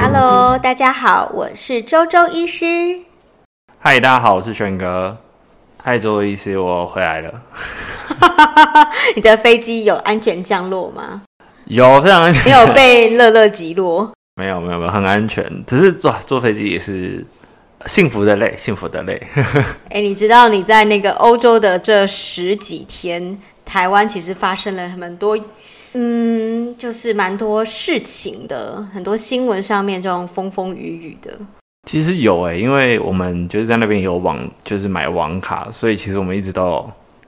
Hello，大家好，我是周周醫師。Hi，大家好，我是全哥。Hi，周醫師，我回來了。 你的飛機有安全降落嗎？有，非常安全。 沒有被樂樂擊落。沒有，沒有，沒有，很安全。只是坐坐飛機也是。幸福的累，幸福的累。哎、 欸，你知道你在那個歐洲的這十幾天，台灣其實發生了很多，嗯，就是蠻多事情的，很多新聞上面這種風風雨雨的。其實有哎、欸，因為我們就是在那邊有網，就是買網卡，所以其實我們一直都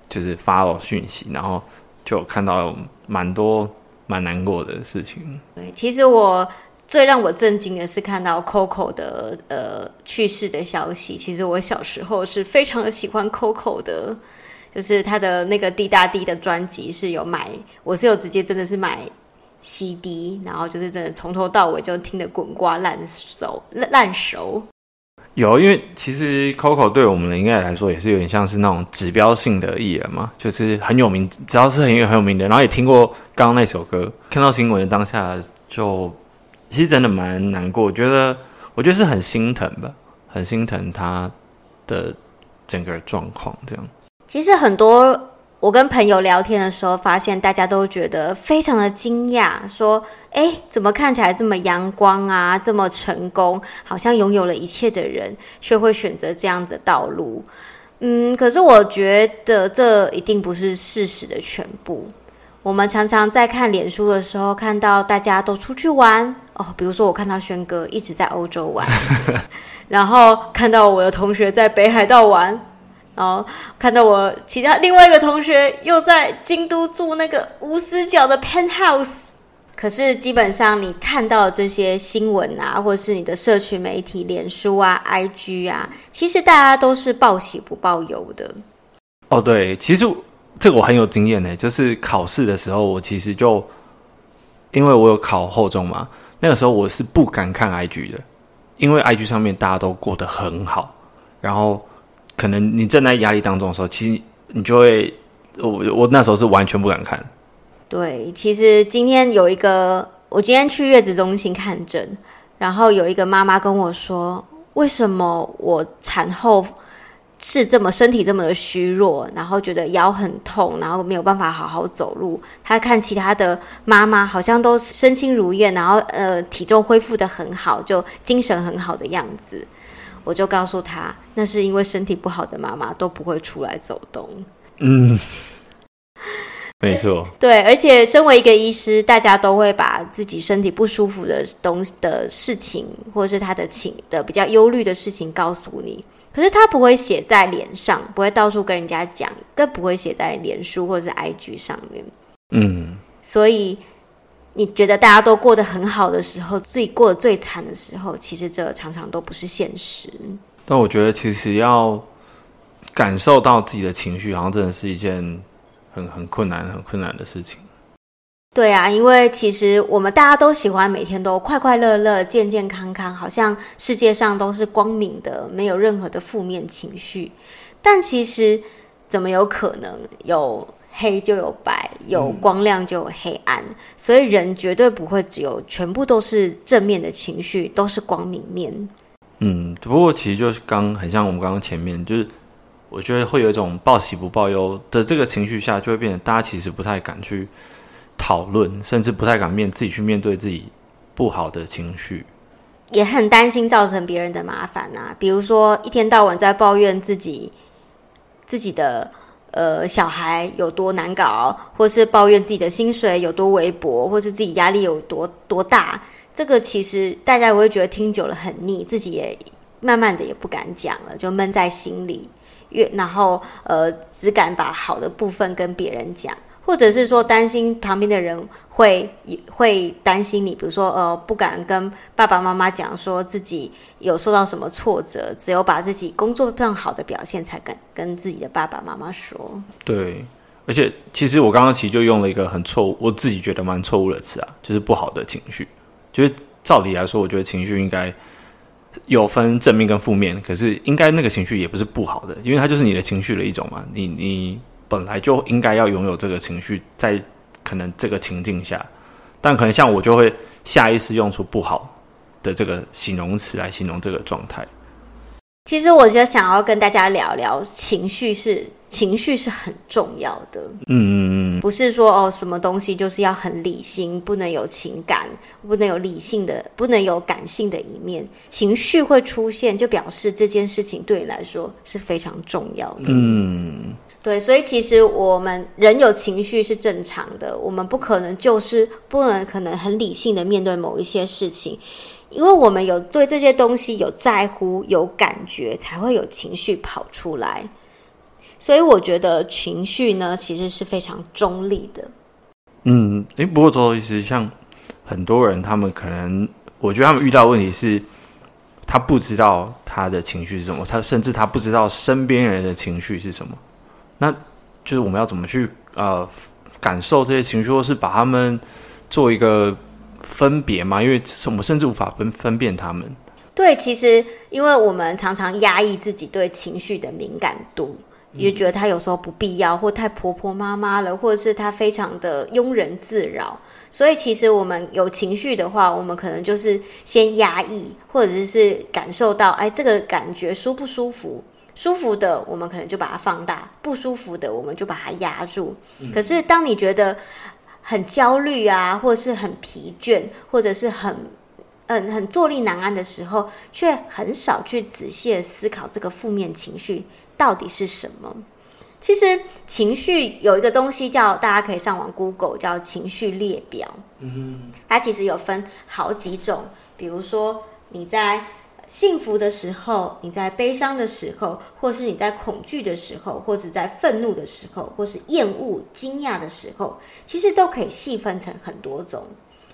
就是發了訊息，然後就有看到蠻多蠻難過的事情。對，其實我。最讓我震驚的是看到 Coco 的呃去世的消息。其實我小時候是非常的喜歡 Coco 的，就是他的那個滴答滴的專輯是有買，我是有直接真的是買 CD，然後就是真的從頭到尾就聽得滾瓜爛熟爛熟。有，因為其實 Coco 對我們的音樂來說也是有點像是那種指標性的藝人嘛，就是很有名，只要是很有很有名的，然後也聽過剛剛那首歌，看到新聞的當下就。其實真的蠻難過，我覺得，我覺得是很心疼吧，很心疼他的整個狀況。這樣，其實很多我跟朋友聊天的時候，發現大家都覺得非常的驚訝，說：“誒，怎麼看起來這麼陽光啊，這麼成功，好像擁有了一切的人，卻會選擇這樣的道路。”嗯，可是我覺得這一定不是事實的全部。我們常常在看臉書的時候，看到大家都出去玩哦。比如說，我看到軒哥一直在歐洲玩， 然後看到我的同學在北海道玩，然後看到我其他另外一個同學又在京都住那個無死角的 penthouse。可是基本上，你看到這些新聞啊，或者是你的社群媒體臉書啊、IG 啊，其實大家都是報喜不報憂的。哦，對，其實。這個我很有經驗呢，就是考試的時候，我其實就因為我有考後中嘛，那個時候我是不敢看 IG 的，因為 IG 上面大家都過得很好，然後可能你正在壓力當中的時候，其實你就會我我那時候是完全不敢看。對，其實今天有一個，我今天去月子中心看診，然後有一個媽媽跟我說，為什麼我產後，是這麼身體這麼的虛弱，然後覺得腰很痛，然後沒有辦法好好走路。他看其他的媽媽好像都身輕如燕，然後呃體重恢復得很好，就精神很好的樣子。我就告訴他，那是因為身體不好的媽媽都不會出來走動。嗯，沒錯，對，而且身為一個醫師，大家都會把自己身體不舒服的東西的事情，或者是他的情的比較憂慮的事情告訴你。可是他不會寫在臉上，不會到處跟人家講，更不會寫在臉書或者是 IG 上面。嗯，所以你覺得大家都過得很好的時候，自己過得最慘的時候，其實這常常都不是現實。但我覺得，其實要感受到自己的情緒，好像真的是一件很很困難、很困難的事情。對啊，因為其實我們大家都喜歡每天都快快樂樂、健健康康，好像世界上都是光明的，沒有任何的負面情緒。但其實，怎麼有可能有黑就有白，有光亮就有黑暗，嗯，所以人絕對不會只有全部都是正面的情緒，都是光明面。嗯，不過其實就是剛很像我們剛剛前面，就是我覺得會有一種報喜不報憂的這個情緒下，就會變得大家其實不太敢去。討論，甚至不太敢面，自己去面對自己不好的情緒，也很擔心造成別人的麻煩啊。比如說一天到晚在抱怨自己自己的呃小孩有多難搞，或是抱怨自己的薪水有多微薄，或是自己壓力有多多大。這個其實大家也會覺得聽久了很膩，自己也慢慢的也不敢講了，就悶在心裡。越，然後呃只敢把好的部分跟別人講。或者是說擔心旁邊的人會會擔心你，比如說呃不敢跟爸爸媽媽講說自己有受到什麼挫折，只有把自己工作上好的表現才敢跟，跟自己的爸爸媽媽說。對，而且其實我剛剛其實就用了一個很錯誤，我自己覺得蠻錯誤的詞啊，就是不好的情緒。就是照理來說，我覺得情緒應該有分正面跟負面，可是應該那個情緒也不是不好的，因為它就是你的情緒的一種嘛。你你。本來就應該要擁有這個情緒，在可能這個情境下，但可能像我就會下意識用出不好的這個形容詞來形容這個狀態。其實我就想要跟大家聊聊情緒是，情緒是很重要的。嗯嗯嗯，不是說哦，什麼東西就是要很理性，不能有情感，不能有理性的，不能有感性的一面。情緒會出現，就表示這件事情對你來說是非常重要的。嗯。對，所以其實我們人有情緒是正常的，我們不可能就是不能可能很理性的面對某一些事情，因為我們有對這些東西有在乎、有感覺，才會有情緒跑出來。所以我覺得情緒呢，其實是非常中立的。嗯，誒，不過周醫師，像很多人，他們可能我覺得他們遇到問題是，他不知道他的情緒是什麼，他甚至他不知道身邊人的情緒是什麼。那就是我們要怎麼去呃感受這些情緒，或是把他們做一個分別嗎？因為我們甚至無法分分辨他們。對，其實因為我們常常壓抑自己對情緒的敏感度，嗯、也覺得他有時候不必要，或太婆婆媽媽了，或者是他非常的庸人自擾。所以其實我們有情緒的話，我們可能就是先壓抑，或者是感受到，哎、欸，這個感覺舒不舒服？舒服的，我們可能就把它放大；不舒服的，我們就把它壓住。可是，當你覺得很焦慮啊，或是很疲倦，或者是很嗯、呃、很坐立難安的時候，卻很少去仔細思考這個負面情緒到底是什麼。其實，情緒有一個東西叫大家可以上網 Google，叫情緒列表。嗯，它其實有分好幾種，比如說你在。幸福的時候，你在悲傷的時候，或是你在恐懼的時候，或是在憤怒的時候，或是厭惡、驚訝的時候，其實都可以細分成很多種。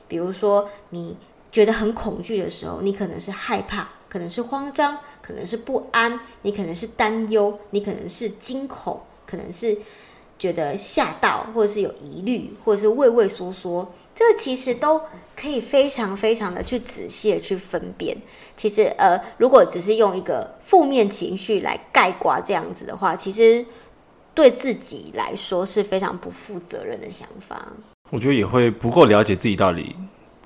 比如說，你覺得很恐懼的時候，你可能是害怕，可能是慌張，可能是不安，你可能是擔憂，你可能是驚恐，可能是覺得嚇到，或是有疑慮，或是畏畏縮縮。這個其實都可以非常非常的去仔細的去分辨。其實，呃，如果只是用一個負面情緒來概括這樣子的話，其實對自己來說是非常不負責任的想法。我覺得也會不夠了解自己到底，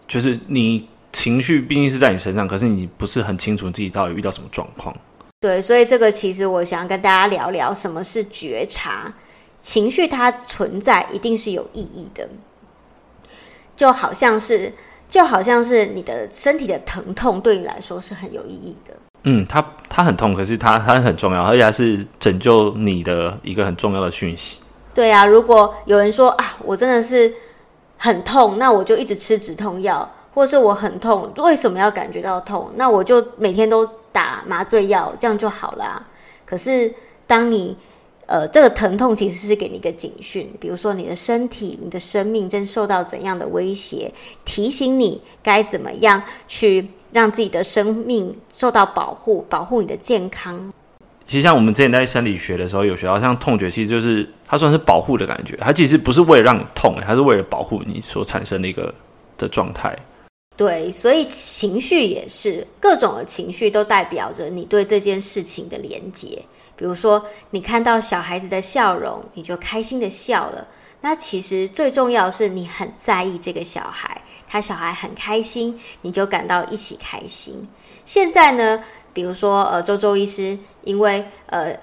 就是你情緒畢竟是在你身上，可是你不是很清楚自己到底遇到什麼狀況。對，所以這個其實我想跟大家聊聊什麼是覺察。情緒它存在一定是有意義的。就好像是，就好像是你的身體的疼痛，對你來說是很有意義的。嗯，他它很痛，可是他它很重要，而且還是拯救你的一個很重要的訊息。對啊，如果有人說啊，我真的是很痛，那我就一直吃止痛藥，或者是我很痛，為什麼要感覺到痛？那我就每天都打麻醉藥，這樣就好了。可是當你。呃，這個疼痛其實是給你一個警訊，比如說你的身體、你的生命正受到怎樣的威脅，提醒你該怎麼樣去讓自己的生命受到保護，保護你的健康。其實像我們之前在生理學的時候有學到，像痛覺其實就是它算是保護的感覺，它其實不是為了讓你痛，它是為了保護你所產生的一個的狀態。對，所以情緒也是各種的情緒都代表着你對這件事情的連接。比如說，你看到小孩子的笑容，你就開心的笑了。那其實最重要的是，你很在意這個小孩，他小孩很開心，你就感到一起開心。現在呢，比如說，呃，周周醫師因為呃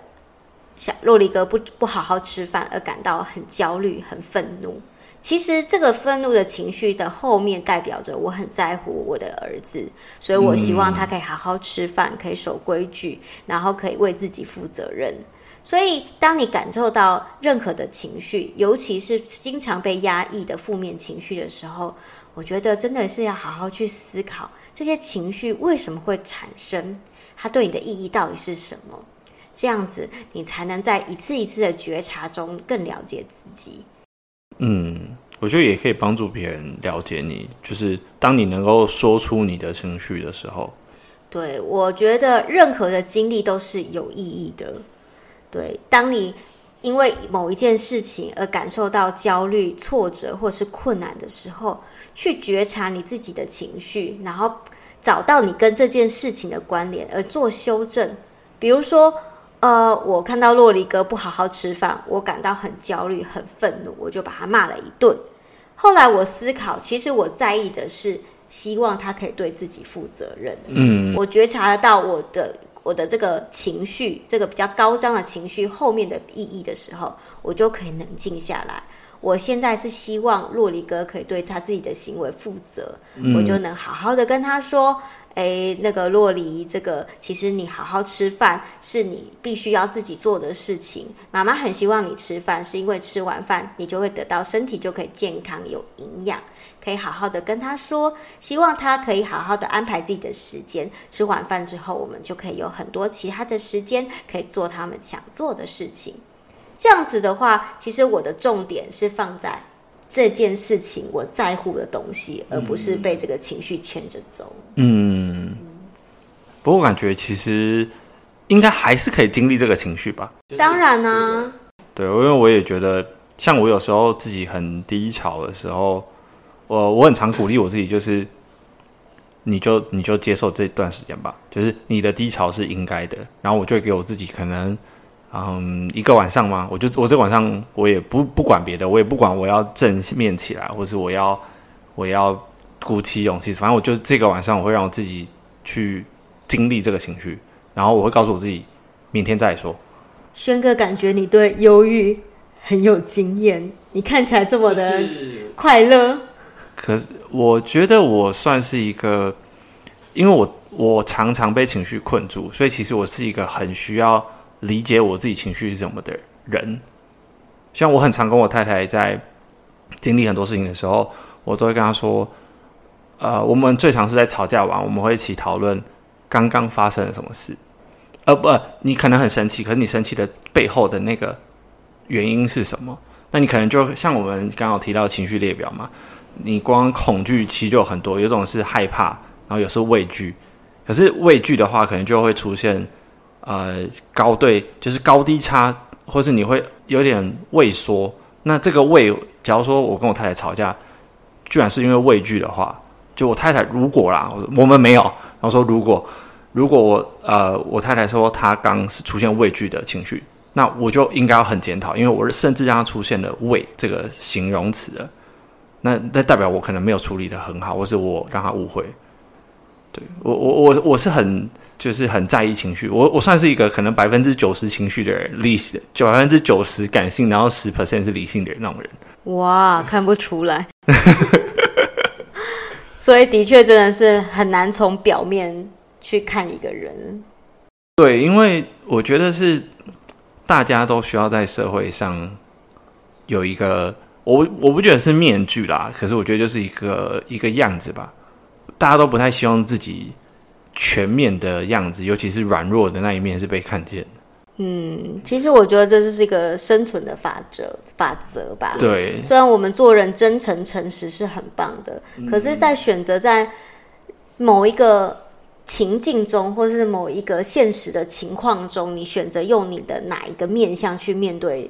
小洛麗哥不不好好吃飯而感到很焦慮、很憤怒。其實，這個憤怒的情緒的後面，代表着我很在乎我的兒子，所以我希望他可以好好吃飯，可以守規矩，然後可以為自己負責任。所以，當你感受到任何的情緒，尤其是經常被壓抑的負面情緒的時候，我覺得真的是要好好去思考這些情緒為什麼會產生，它對你的意義到底是什麼？這樣子，你才能在一次一次的覺察中更了解自己。嗯，我覺得也可以幫助別人了解你。就是當你能夠說出你的情緒的時候，對。我覺得任何的經歷都是有意義的。對，當你因為某一件事情而感受到焦慮、挫折或是困難的時候，去覺察你自己的情緒，然後找到你跟這件事情的關聯，而做修正。比如說，呃，我看到洛黎哥不好好吃飯，我感到很焦慮、很憤怒，我就把他罵了一頓。後來我思考，其實我在意的是希望他可以對自己負責任。嗯，我覺察到我的我的這個情緒，這個比較高張的情緒後面的意義的時候，我就可以冷靜下來。我現在是希望洛黎哥可以對他自己的行為負責，嗯、我就能好好的跟他說。誒，那個酪梨，這個其實你好好吃飯是你必須要自己做的事情。媽媽很希望你吃飯，是因為吃完飯你就會得到身體就可以健康，有營養，可以好好的跟他說，希望他可以好好的安排自己的時間。吃完飯之後，我們就可以有很多其他的時間，可以做他們想做的事情。這樣子的話，其實我的重點是放在。這件事情我在乎的東西，而不是被這個情緒牽着走。嗯，不過我感覺其實應該還是可以經歷這個情緒吧。當然啊，對，因為我也覺得，像我有時候自己很低潮的時候，我我很常鼓勵我自己，就是你就你就接受這段時間吧，就是你的低潮是應該的。然後我就會給我自己可能。嗯，一個晚上嘛，我就我這晚上我也不不管別的，我也不管我要正面起來，或是我要我要鼓起勇氣，反正我就這個晚上我會讓我自己去經歷這個情緒，然後我會告訴我自己明天再說。軒哥，感覺你對憂鬱很有經驗，你看起來這麼的快樂。就是、可是我覺得我算是一個，因為我我常常被情緒困住，所以其實我是一個很需要。理解我自己情緒是什麼的人，像我很常跟我太太在經歷很多事情的時候，我都會跟她說，呃，我們最常是在吵架完，我們會一起討論剛剛發生了什麼事。呃，不、呃，你可能很生氣，可是你生氣的背後的那個原因是什麼？那你可能就像我們剛好提到的情緒列表嘛，你光恐懼其實就有很多，有種是害怕，然後有時候畏懼，可是畏懼的話，可能就會出現。呃，高對，就是高低差，或是你會有點畏縮。那這個畏，假如說我跟我太太吵架，居然是因為畏懼的話，就我太太如果啦，我說我們沒有，然後說如果，如果我，呃，我太太說她剛是出現畏懼的情緒，那我就應該要很檢討，因為我甚至讓她出現了畏這個形容詞的，那那代表我可能沒有處理得很好，或是我讓她誤會。對，我我我我是很就是很在意情緒，我我算是一個可能百分之九十情緒的人，理百分之九十感性，然後十 percent 是理性的人那種人。哇，看不出來。 所以的確真的是很難從表面去看一個人。對，因為我覺得是大家都需要在社會上有一個我我不覺得是面具啦，可是我覺得就是一個一個樣子吧。大家都不太希望自己全面的樣子，尤其是軟弱的那一面是被看見的。嗯，其實我覺得這就是一個生存的法則，法則吧。對，雖然我們做人真誠誠實是很棒的，嗯、可是，在選擇在某一個情境中，或者是某一個現實的情況中，你選擇用你的哪一個面向去面對？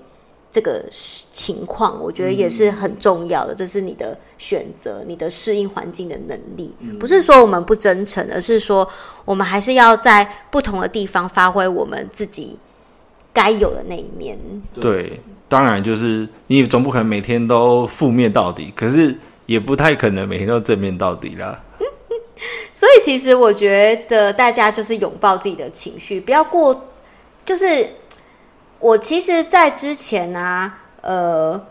這個情況，我覺得也是很重要的。嗯，這是你的選擇，你的適應環境的能力，嗯，不是說我們不真誠，而是說我們還是要在不同的地方發揮我們自己該有的那一面。對，當然就是你也總不可能每天都負面到底，可是也不太可能每天都正面到底啦。嗯，所以，其實我覺得大家就是擁抱自己的情緒，不要過就是。我其實，在之前啊，呃，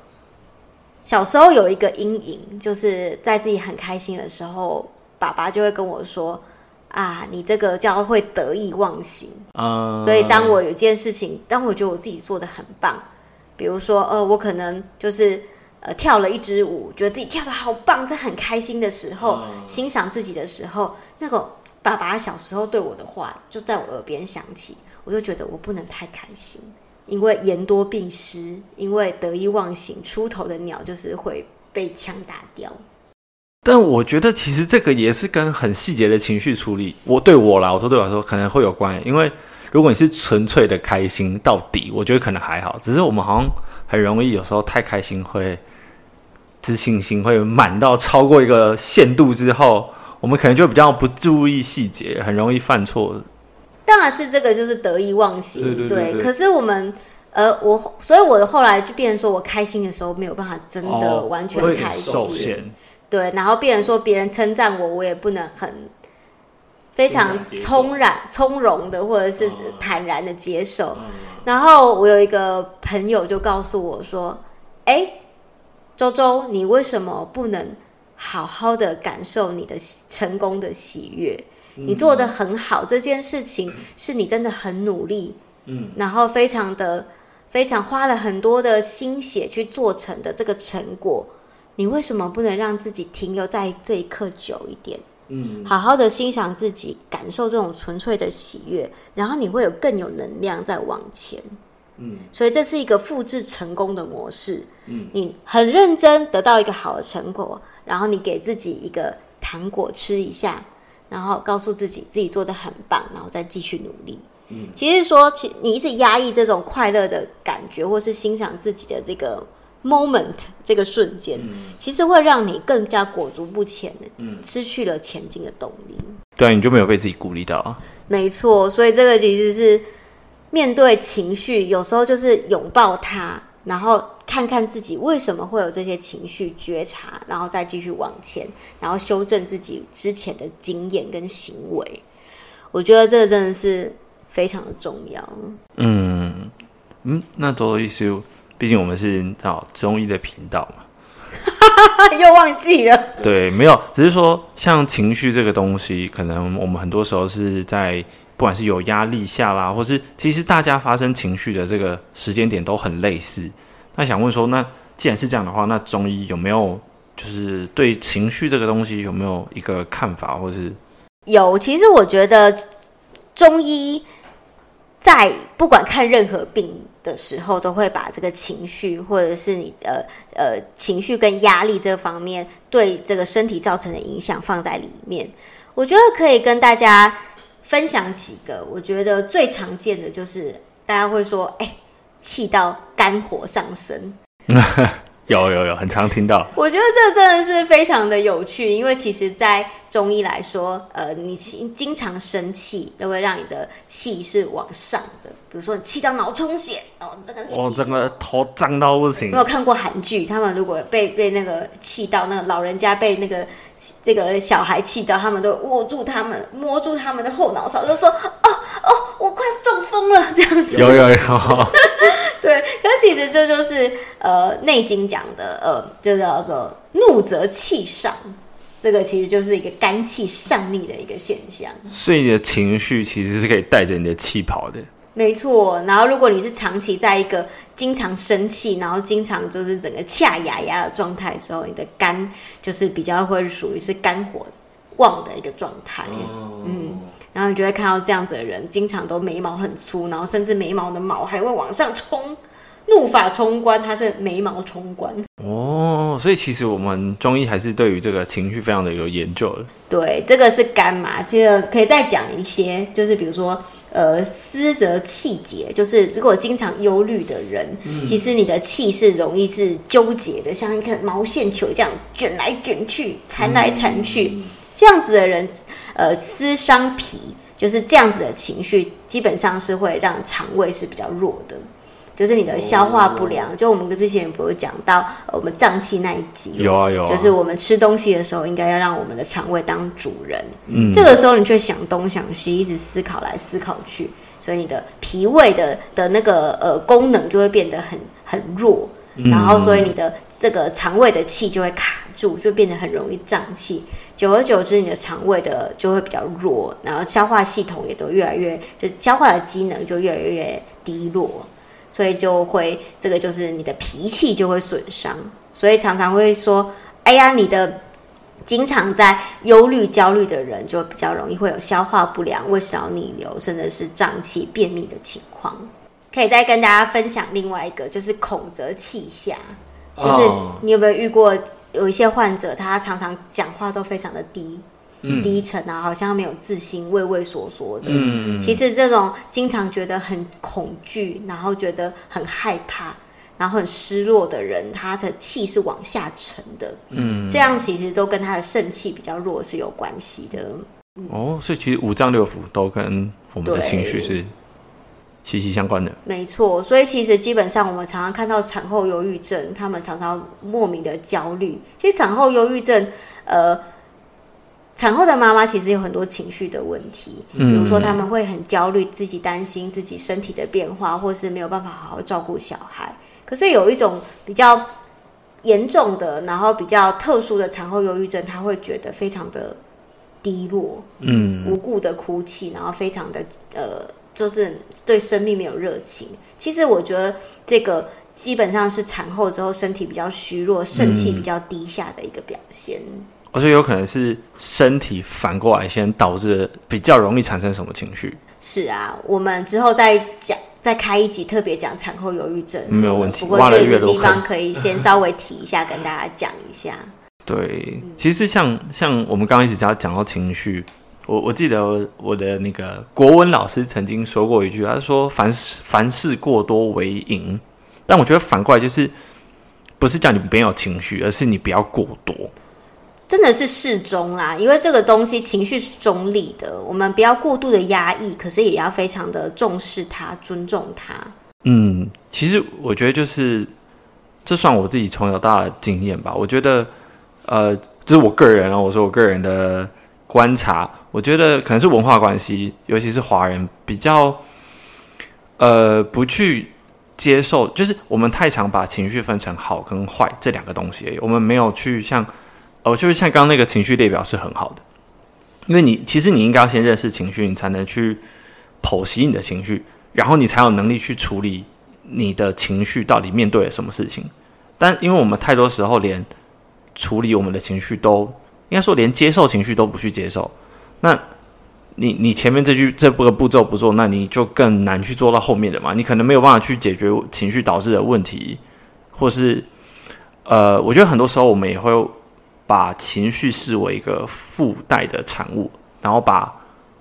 小時候有一個陰影，就是在自己很開心的時候，爸爸就會跟我說：“啊，你這個叫會得意忘形。Uh ”所以當我有件事情，當我覺得我自己做得很棒，比如說，呃，我可能就是呃跳了一支舞，覺得自己跳得好棒，在很開心的時候，uh、欣賞自己的時候，那個爸爸小時候對我的話就在我耳邊響起，我就覺得我不能太開心。因為言多必失，因為得意忘形，出頭的鳥就是會被槍打掉。但我覺得其實這個也是跟很細節的情緒處理，我對我來，我說對我來說可能會有關。因為如果你是純粹的開心到底，我覺得可能還好。只是我們好像很容易有時候太開心會，會自信心會滿到超過一個限度之後，我們可能就比較不注意細節，很容易犯錯。當然是這個，就是得意忘形，對。對對對對可是我們，呃，我，所以，我後來就變成說，我開心的時候沒有辦法真的完全開心，哦、對。然後變成說，別人稱讚我，我也不能很非常坦然、從、嗯、容的或者是坦然的接受。嗯、然後我有一個朋友就告訴我說：“哎、欸，周周，你為什麼不能好好的感受你的成功的喜悅？”你做得很好，這件事情是你真的很努力，嗯，然後非常的非常花了很多的心血去做成的這個成果，你為什麼不能讓自己停留在這一刻久一點？嗯，好好的欣賞自己，感受這種純粹的喜悅，然後你會有更有能量再往前。嗯，所以這是一個複製成功的模式。嗯，你很認真得到一個好的成果，然後你給自己一個糖果吃一下。然後告訴自己，自己做得很棒，然後再繼續努力。嗯，其實說，其你一直壓抑這種快樂的感覺，或是欣賞自己的這個 moment 這個瞬間，嗯，其實會讓你更加裹足不前，嗯，失去了前進的動力。對，你就沒有被自己鼓勵到啊。沒錯，所以這個其實是面對情緒，有時候就是擁抱它。然後看看自己為什麼會有這些情緒覺察，然後再繼續往前，然後修正自己之前的經驗跟行為。我覺得這個真的是非常的重要。嗯嗯，那周周醫師，畢竟我們是到中醫的頻道嘛， 又忘記了。對，沒有，只是說像情緒這個東西，可能我們很多時候是在。不管是有壓力下啦，或是其實大家發生情緒的這個時間點都很類似。那想問說，那既然是這樣的話，那中醫有沒有就是對情緒這個東西有沒有一個看法，或是有？其實我覺得中醫在不管看任何病的時候，都會把這個情緒或者是你的呃呃情緒跟壓力這方面對這個身體造成的影響放在裡面。我覺得可以跟大家。分享幾個，我覺得最常見的就是大家會說：“哎、欸，氣到肝火上升。” 有有有，很常聽到。我覺得這真的是非常的有趣，因為其實，在中醫來說，呃，你經常生氣那會讓你的氣是往上的。比如說你氣到腦充血，哦，這個我整、哦這個頭脹到不行。沒有、嗯、看過韓劇，他們如果被被那個氣到，那個老人家被那個這個小孩氣到，他們都握住他們摸住他們的後腦勺，就說：“哦哦，我快中風了。”這樣子。有有有。 對，但其實這就是呃《內經》講的，呃，就叫做怒則氣上，這個其實就是一個肝氣上逆的一個現象。所以你的情緒其實是可以帶着你的氣跑的，沒錯。然後如果你是長期在一個經常生氣，然後經常就是整個恰牙牙的狀態之後，你的肝就是比較會屬於是肝火旺的一個狀態，oh. 嗯。然後你就會看到這樣子的人，經常都眉毛很粗，然後甚至眉毛的毛還會往上衝，怒髮衝冠，他是眉毛衝冠哦。所以其實我們中醫還是對於這個情緒非常的有研究的。對，這個是肝嘛，這個可以再講一些，就是比如說，呃，思則氣結，就是如果經常憂慮的人，嗯、其實你的氣是容易是糾結的，像一個毛線球這樣捲來捲去，纏來纏去。嗯嗯這樣子的人，呃，思傷脾，就是這樣子的情緒，基本上是會讓腸胃是比較弱的，就是你的消化不良。就我們之前不是講到我們脹氣那一集，有啊有啊，就是我們吃東西的時候，應該要讓我們的腸胃當主人。嗯，這個時候你卻想東想西，一直思考來思考去，所以你的脾胃的的那個呃功能就會變得很很弱，然後所以你的這個腸胃的氣就會卡住，就變得很容易脹氣。久而久之，你的腸胃的就會比較弱，然後消化系統也都越來越，就消化的機能就越來越低落，所以就會這個就是你的脾氣就會損傷，所以常常會說，哎呀，你的經常在憂慮、焦慮的人，就比較容易會有消化不良、胃酸逆流，甚至是脹氣、便秘的情況。可以再跟大家分享另外一個，就是恐則氣下，就是你有沒有遇過？有一些患者，他常常講話都非常的低、嗯、低沉啊，好像沒有自信，畏畏縮縮的。嗯。其實這種經常覺得很恐懼，然後覺得很害怕，然後很失落的人，他的氣是往下沉的。嗯。這樣其實都跟他的腎氣比較弱是有關係的。哦，所以其實五臟六腑都跟我們的情緒是。息息相關的，沒錯。所以其實基本上，我們常常看到產後憂鬱症，他們常常莫名的焦慮。其實產後憂鬱症，呃，產後的媽媽其實有很多情緒的問題，嗯，比如說他們會很焦慮，自己擔心自己身體的變化，或是沒有辦法好好照顧小孩。可是有一種比較嚴重的，然後比較特殊的產後憂鬱症，他會覺得非常的低落，嗯，無故的哭泣，然後非常的，呃。就是對生命沒有熱情。其實我覺得這個基本上是產後之後身體比較虛弱、腎氣、嗯、比較低下的一個表現。而且有可能是身體反過來先導致比較容易產生什麼情緒？是啊，我們之後再講，再開一集特別講產後憂鬱症，嗯、沒有問題。不過這個地方可以先稍微提一下， 跟大家講一下。對，其實像、嗯、像我們剛剛一直講講到情緒。我我記得我的那個國文老師曾經說過一句，他說凡：“凡事凡事過多為盈。”但我覺得反過來就是，不是叫你不要有情緒，而是你不要過多。真的是適中啦，因為這個東西情緒是中立的，我們不要過度的壓抑，可是也要非常的重視它，尊重它。嗯，其實我覺得就是，這算我自己從小到大的經驗吧。我覺得，呃，這是我個人啊、喔，我說我個人的。觀察，我覺得可能是文化關係，尤其是華人比較，呃，不去接受，就是我們太常把情緒分成好跟壞這兩個東西而已，我們沒有去像，哦、呃，就是像剛剛那個情緒列表是很好的，因為你其實你應該要先認識情緒，你才能去剖析你的情緒，然後你才有能力去處理你的情緒到底面對了什麼事情。但因為我們太多時候連處理我們的情緒都。應該說，連接受情緒都不去接受，那你你前面這句這部分步驟不做，那你就更難去做到後面的嘛。你可能沒有辦法去解決情緒導致的問題，或是呃，我覺得很多時候我們也會把情緒視為一個附帶的產物，然後把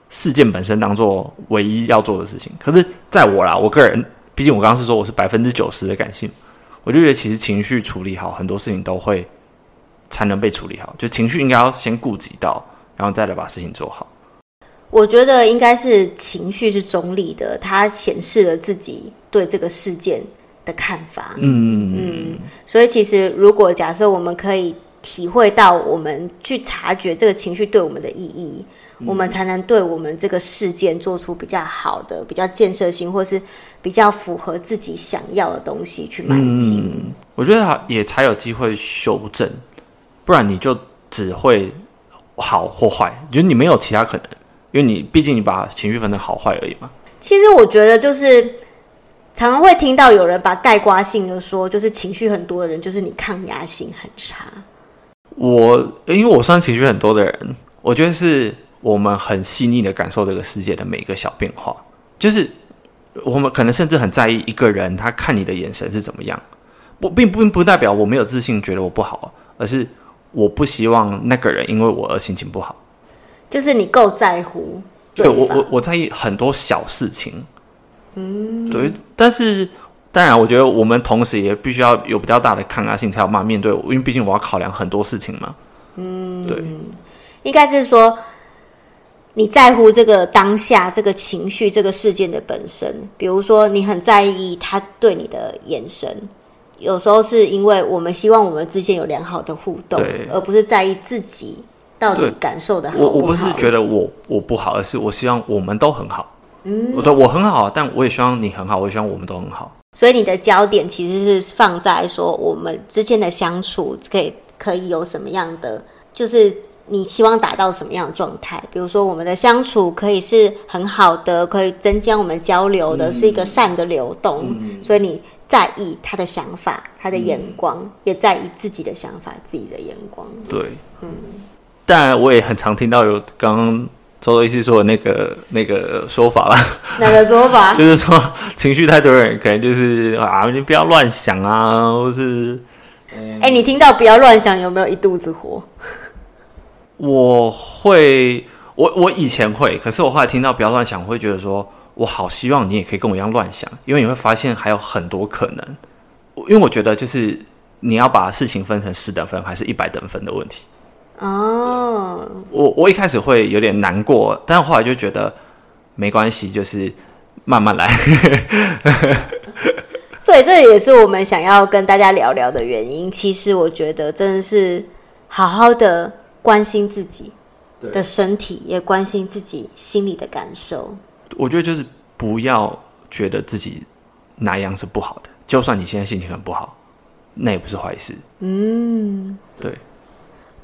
事件本身當做唯一要做的事情。可是，在我啦，我個人，畢竟我剛剛是說我是百分之九十的感性，我就覺得其實情緒處理好，很多事情都會。才能被處理好，就情緒應該要先顧及到，然後再來把事情做好。我覺得應該是情緒是中立的，它顯示了自己對這個事件的看法。嗯嗯，所以其實如果假設我們可以體會到，我們去察覺這個情緒對我們的意義，嗯、我們才能對我們這個事件做出比較好的、比較建設性，或是比較符合自己想要的東西去滿足、嗯。我覺得也才有機會修正。不然你就只會好或壞，就是你沒有其他可能，因為你畢竟你把情緒分成好壞而已嘛。其實我覺得就是常常會聽到有人把概括性地說，就是情緒很多的人就是你抗壓性很差。我，因為我算情緒很多的人，我覺得是我們很細膩地感受這個世界的每一個小變化，就是我們可能甚至很在意一個人他看你的眼神是怎麼樣，不並並不代表我沒有自信，覺得我不好，而是。我不希望那個人因為我而心情不好，就是你夠在乎對。對我，我我在意很多小事情，嗯，對。但是，當然，我覺得我們同時也必須要有比較大的抗壓性，才要慢慢面對我，因為畢竟我要考量很多事情嘛，嗯，對。應該就是說你在乎這個當下，這個情緒，這個事件的本身，比如說你很在意他對你的眼神。有時候是因為我們希望我們之間有良好的互動，對而不是在意自己到底感受的好不好。我我不是覺得我我不好，而是我希望我們都很好。嗯，對，我很好，但我也希望你很好，我也希望我們都很好。所以你的焦點其實是放在說我們之間的相處可以可以有什麼樣的，就是你希望達到什麼樣的狀態？比如說我們的相處可以是很好的，可以增加我們交流的、嗯、是一個善的流動。嗯嗯、所以你。在意他的想法、他的眼光，嗯、也在意自己的想法、自己的眼光。對，嗯。但我也很常聽到有剛剛周周醫師說的那個那個說法啦。哪個說法？ 就是說情緒太多人，可能就是啊，你不要亂想啊，或是……哎、嗯欸，你聽到不要亂想，有沒有一肚子火？我會，我我以前會，可是我後來聽到不要亂想，我會覺得說。我好希望你也可以跟我一樣亂想，因為你會發現還有很多可能。因為我覺得，就是你要把事情分成十等分還是一百等分的問題。哦、oh.，我我一開始會有點難過，但後來就覺得沒關係，就是慢慢來。 對，這也是我們想要跟大家聊聊的原因。其實我覺得，真的是好好的關心自己的身體，對也關心自己心裡的感受。我覺得就是不要覺得自己哪樣是不好的，就算你現在心情很不好，那也不是壞事。嗯，對。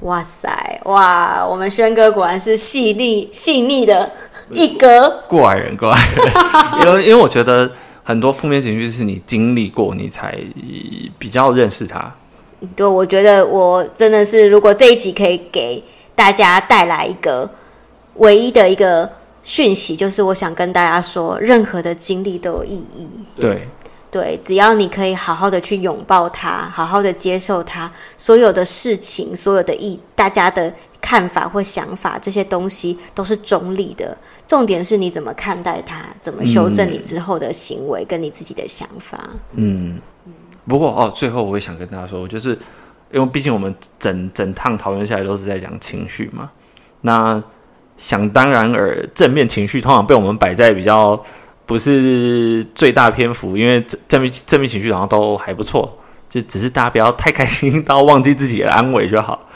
哇塞，哇，我們軒哥果然是細膩細膩的一哥，怪人怪人。過來人 因為因為我覺得很多負面情緒是你經歷過，你才比較認識他。對，我覺得我真的是，如果這一集可以給大家帶來一個唯一的一個。訊息就是我想跟大家說，任何的經歷都有意義。對對，只要你可以好好的去擁抱它，好好的接受它，所有的事情，所有的意，大家的看法或想法，這些東西都是中立的。重點是你怎麼看待它，怎麼修正你之後的行為，嗯、跟你自己的想法。嗯，嗯不過哦，最後我也想跟大家說，就是因為畢竟我們整整趟討論下來都是在講情緒嘛，那。想當然而正面情緒通常被我們擺在比較不是最大篇幅，因為正正面，正面情緒好像都還不錯，就只是大家不要太開心到忘記自己的安危就好。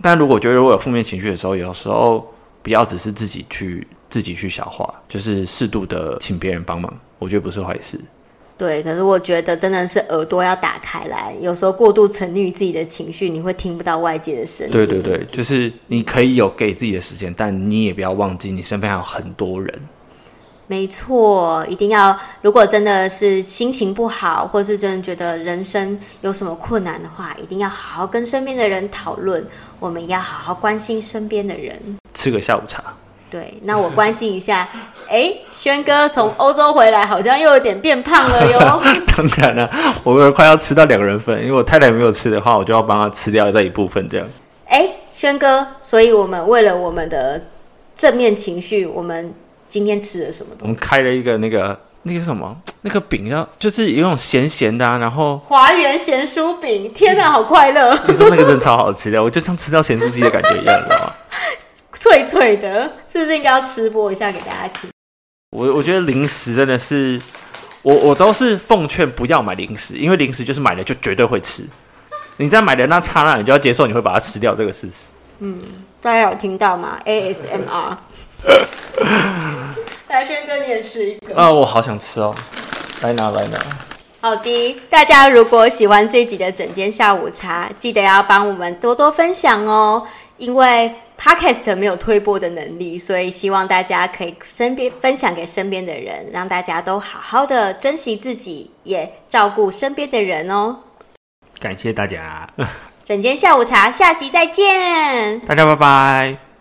但如果覺得如果有負面情緒的時候，有時候不要只是自己去自己去消化，就是適度的請別人幫忙，我覺得不是壞事。對，可是我覺得真的是耳朵要打開來，有時候過度沉溺於自己的情緒，你會聽不到外界的聲音。對對對，就是你可以有給自己的時間，但你也不要忘記，你身邊還有很多人。沒錯，一定要。如果真的是心情不好，或是真的覺得人生有什麼困難的話，一定要好好跟身邊的人討論。我們也要好好關心身邊的人，吃個下午茶。對，那我關心一下，哎，軒哥從歐洲回來好像又有點變胖了喲。 當然了，我們快要吃到兩個人份，因為我太太沒有吃的話，我就要幫他吃掉這一部分。這樣，哎，軒哥，所以我們為了我們的正面情緒，我們今天吃了什麼東西？我們開了一個那個那個什麼那個餅，要就是有種鹹鹹的、啊，然後華元鹹酥餅，天哪，嗯、好快樂！你說那個真的超好吃的，我就像吃掉鹹酥雞的感覺一樣， 你知道嗎？脆脆的，是不是應該要吃播一下給大家聽？我我覺得零食真的是，我我都是奉勸不要買零食，因為零食就是買了就絕對會吃。你在買的那剎那，你就要接受你會把它吃掉這個事實。嗯，大家有聽到嗎？ASMR。大軒哥，你也吃一個啊！我好想吃哦。來拿，來拿。好的，大家如果喜歡這集的診間下午茶，記得要幫我們多多分享哦，因為。Podcast 沒有推播的能力，所以希望大家可以身邊分享給身邊的人，讓大家都好好的珍惜自己，也照顧身邊的人哦。感謝大家， 診間下午茶，下集再見，大家拜拜。